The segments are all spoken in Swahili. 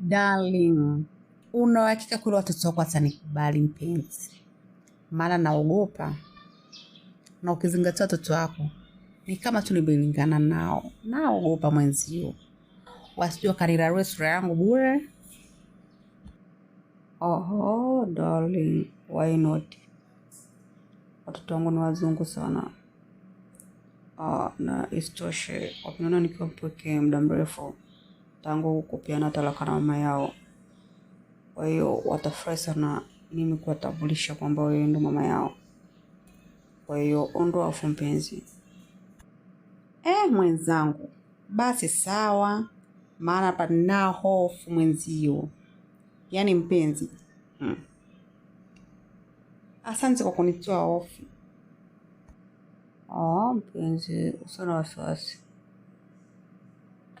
darling una kule watoto wako watanikubali mpenzi maana naogopa na ukizingatia watoto wako ni kama tu nao naogopa mwenzio wasije wakanirarue sura yangu bure oho darling why not watoto wangu ni wazungu sana uh, na istoshe wakiniona nikiwa mpweke muda mrefu tangu kupeana talaka na mama yao. Kwa hiyo watafurahi sana mimi kuwatambulisha kwamba wewe ndo mama yao. Kwa hiyo ondoa hofu mpenzi. E, mwenzangu, basi sawa, maana pana hofu mwenzio, yaani mpenzi hmm. Asante kwa kunitoa hofu. Oh, mpenzi, usio na wasiwasi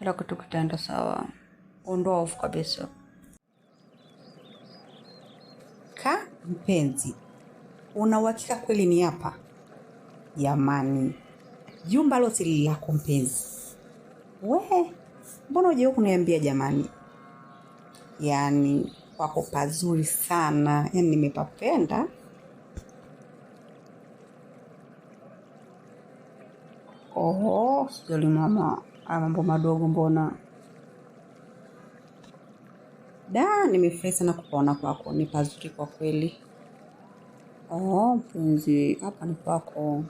kila kitu kitaenda sawa. Ondoa hofu kabisa. Ka mpenzi, una uhakika kweli ni hapa? Jamani, jumba lote lako mpenzi. We, mbona hujawahi kuniambia jamani? Yaani wako pazuri sana, yaani nimepapenda. Oho, sijali mama haya mambo madogo mbona da nimefurahi sana kupaona kwako ni pazuri kwa kweli oh, mpenzi hapa ni kwako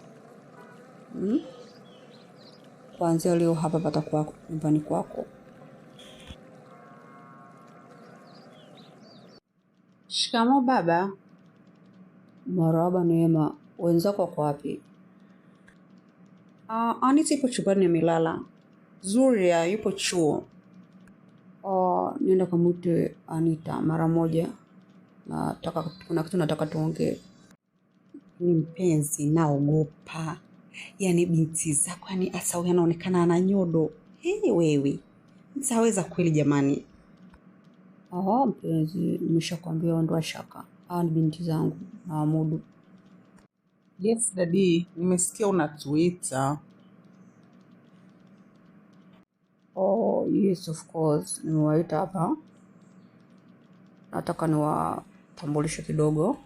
hmm? kuanzia leo hapa pata kwako nyumbani kwako shikamo baba maraba neema wenzako kwa wapi uh, ah, anisipo chumbani amelala Zuria yupo chuo. Oh, nienda kamwite Anita mara moja, nataka kuna kitu nataka tuongee. Ni mpenzi, naogopa yaani binti zako, yaani Asawe anaonekana ana nyodo. Hey, eh, wewe ntaweza kweli jamani? Oh, mpenzi, nimeshakwambia ondoa shaka, hawa ni binti zangu na wamudu. Yes dadi, nimesikia unatuita yes of course nimewaita hapa, nataka niwatambulishe kidogo.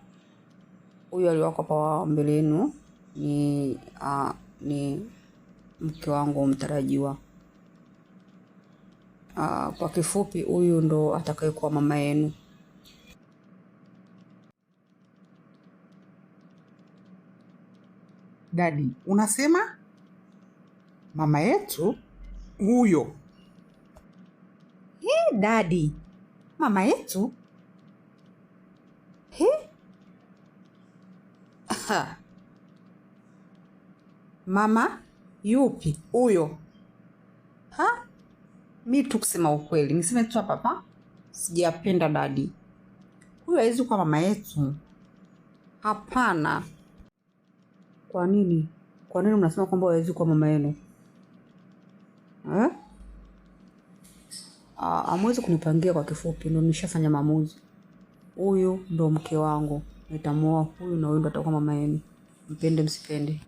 Huyu aliwako hapa mbele yenu ni, a, ni mke wangu mtarajiwa. a, kwa kifupi huyu ndo atakayekuwa mama yenu. Dadi, unasema mama yetu huyo dadi mama yetu He? Mama yupi huyo? Ha? Mi tu kusema ukweli, niseme tu hapa sijapenda dadi huyo, awezi kuwa mama yetu. Hapana. Kwa nini? Kwa nini mnasema kwamba hawezi kuwa mama yenu eh? Ah, ah, amwezi kunipangia kwa kifupi, ndo nishafanya maamuzi. Huyu ndo mke wangu, nitamuoa huyu, na huyu ndo atakuwa mama yenu, mpende msipende.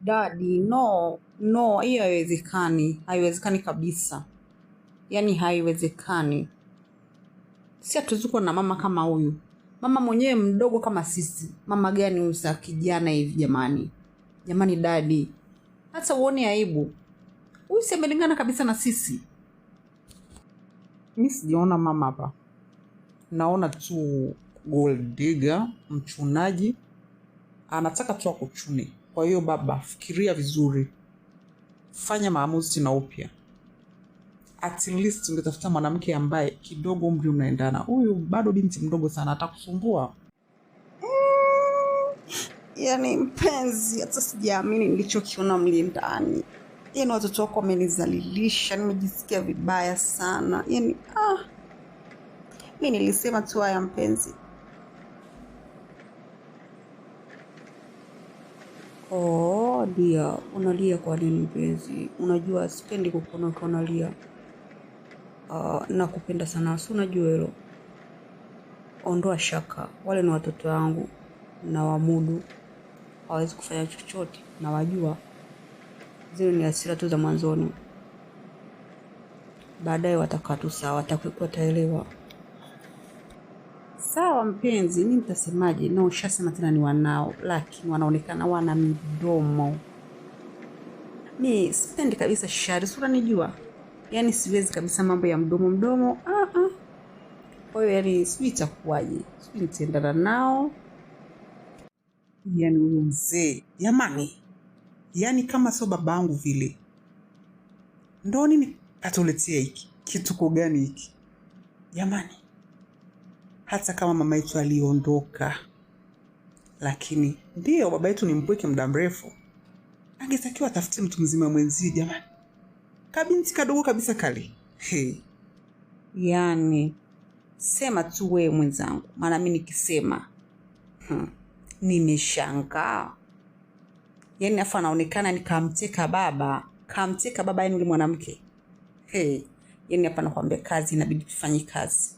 Dadi, no no, hiyo haiwezekani, haiwezekani kabisa, yaani haiwezekani. Si hatuzikwa na mama kama huyu, mama mwenyewe mdogo kama sisi. Mama gani huyu kijana hivi? Jamani, jamani, dadi, hata uone aibu, huyu si amelingana kabisa na sisi mi sijaona mama hapa, naona tu gold digger, mchunaji anataka tu akuchune. Kwa hiyo baba, fikiria vizuri, fanya maamuzi tena upya. At least ungetafuta mwanamke ambaye kidogo umri unaendana. Huyu bado binti mdogo sana, atakusumbua mm. Yani mpenzi, hata sijaamini nilichokiona mlindani yani watoto wako wamenizalilisha, nimejisikia vibaya sana yani. Ah, mi nilisema tu haya mpenzi. Oh, Dia, unalia kwa nini mpenzi? Unajua sipendi kukuona ukiwa unalia. Uh, nakupenda sana, si unajua hilo? Ondoa shaka, wale ni watoto wangu na wamudu, hawawezi kufanya chochote na wajua zile ni hasira tu za mwanzoni, baadaye watakaa tu sawa, wataelewa. Sawa mpenzi, mi nitasemaje? No, shasema tena ni wanao, lakini wanaonekana wana midomo. Mi sipendi kabisa shari, sura nijua, yaani siwezi kabisa mambo ya mdomo mdomo. Ah, ah. Kwa hiyo yani sijui itakuwaje, sijui nitaendana nao, yani huyu mzee jamani yaani kama sio babangu vile. Ndo nini katuletea hiki kituko gani hiki jamani? Hata kama mama yetu aliondoka, lakini ndio baba yetu ni mpweke muda mrefu, angetakiwa atafute mtu mzima mwenzie jamani, kabinti kadogo kabisa kali Hey. yani sema tu wewe mwenzangu, maana mi nikisema hmm, nimeshangaa yani afu anaonekana nikamteka baba kamteka baba yani ule mwanamke hey, yani hapa nakwambia kazi inabidi tufanye kazi